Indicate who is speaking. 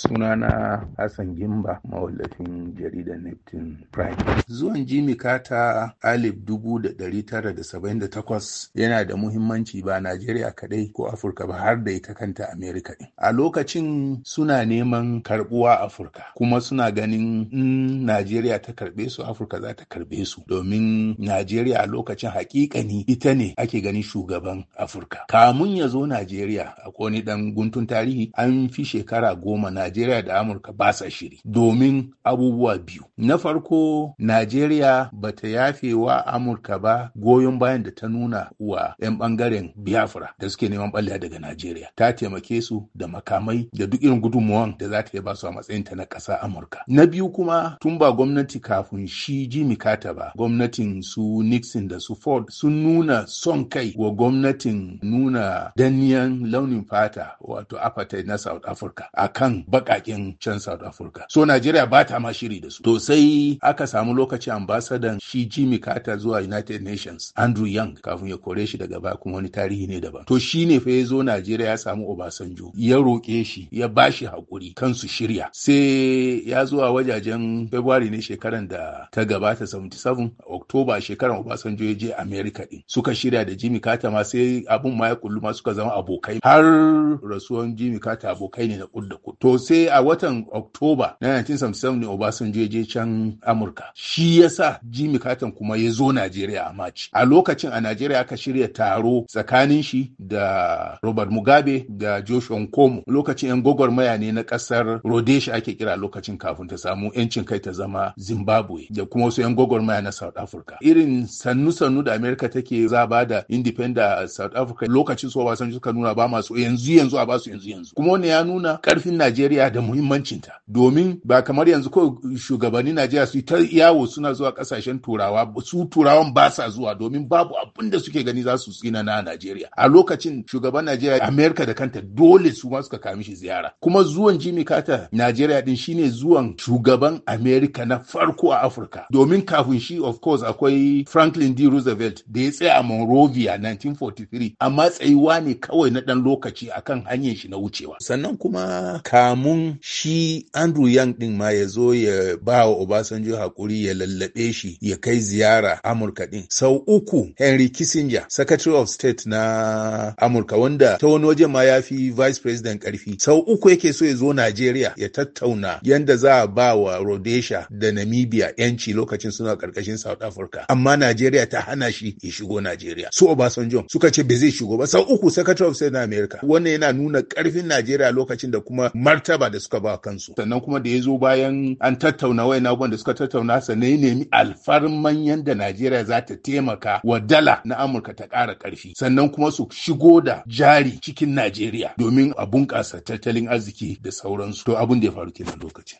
Speaker 1: Sunana Hassan Gimba mawallafin jaridar Neptune Prime. Zuwan Jimmy Carter alif 1978 yana da muhimmanci ba Najeriya kaɗai ko Afirka ba har da ita kanta Amerika ɗin. A lokacin suna neman karɓuwa Afirka kuma suna ganin in Najeriya ta karɓe su Afirka za ta karbe su domin Najeriya a lokacin hakikani ita ne ake ganin shugaban Afirka. Kamun ya zo Najeriya a koni dan guntun tarihi an fi shekara goma na Najeriya da Amurka ba sa shiri domin abubuwa biyu. Na farko Najeriya ba ta yafe wa Amurka ba goyon bayan da ta nuna wa 'yan ɓangaren Biafra da suke neman ɓalla daga Najeriya. Ta taimake su da makamai da duk irin gudunmuwan da za ta yi su a matsayin ta na ƙasa Amurka. Na biyu kuma tun ba gwamnati kafin shi Jimmy Carter ba gwamnatin su Nixon da su Ford sun nuna son kai wa gwamnatin nuna danniyan launin fata wato apartheid na South Africa akan bakakin can South Africa. So Najeriya ba ta ma shiri da su. To sai aka samu lokaci ambasadan shi Jimmy Carter zuwa United Nations Andrew Young kafin ya kore shi daga baya kuma wani tarihi ne daban. To shi ne fa ya zo Najeriya ya samu Obasanjo ya roƙe shi ya ba shi haƙuri kan su shirya. Sai ya zuwa wajajen February ne shekaran da ta gabata 77 Oktoba shekaran Obasanjo ya je America din. Suka shirya da Jimmy Carter ma sai abun ma ya kullu suka zama abokai har rasuwan Jimmy Carter abokai ne na kudda da sai a watan Oktoba na 1977 ne Obasanjo je can Amurka. Shi yasa Jimmy Carter kuma ya zo Najeriya a Maci. A lokacin a Najeriya aka shirya taro tsakanin shi da Robert Mugabe da Joshua Nkomo. Lokacin 'yan gwagwarmaya ne na ƙasar Rhodesia ake kira lokacin kafin ta samu 'yancin kai ta zama Zimbabwe da kuma wasu 'yan gwagwarmaya na South Africa. Irin sannu-sannu da Amerika take zaba da independent South Africa lokacin su Obasanjo suka nuna ba masu yanzu yanzu a basu yanzu yanzu. Kuma wannan ya nuna ƙarfin Najeriya Najeriya da muhimmancinta domin ba kamar yanzu ko shugabannin Najeriya su ta yawo suna zuwa kasashen turawa su turawan ba sa zuwa domin babu abin da suke gani za su tsina na Najeriya a lokacin shugaban Najeriya Amerika da kanta dole su ma suka kami shi ziyara kuma zuwan Jimmy Carter Najeriya din shine zuwan shugaban Amerika na farko a Afirka domin kafin shi of course akwai Franklin D Roosevelt da ya tsaya a Monrovia 1943 amma tsayuwa ne kawai na dan lokaci akan hanyar shi na wucewa sannan kuma kamu domin shi Andrew Yang din ma ya zo ya ba wa Obasanjo hakuri ya lallaɓe shi ya kai ziyara Amurka din. Sau uku Henry Kissinger, Secretary of State na Amurka wanda ta wani waje ma ya fi Vice President karfi. Sau uku yake so ya zo Najeriya ya tattauna yanda za a ba wa Rhodesia da Namibia yanci lokacin suna karkashin South Africa. Amma Najeriya ta hana shi ya shigo Najeriya. Su Obasanjo suka ce ba zai shigo ba. Sau uku Secretary of State na Amerika, Wannan yana nuna karfin Najeriya lokacin da kuma mart martaba da suka ba kansu sannan kuma da ya zo bayan an tattauna wayan abubuwan da suka tattauna sannan ya nemi alfarman yadda najeriya za ta taimaka wa dala na amurka ta ƙara ƙarfi sannan kuma su shigo da jari cikin najeriya domin a bunƙasa tattalin arziki da sauransu to abin da ya faru kenan lokacin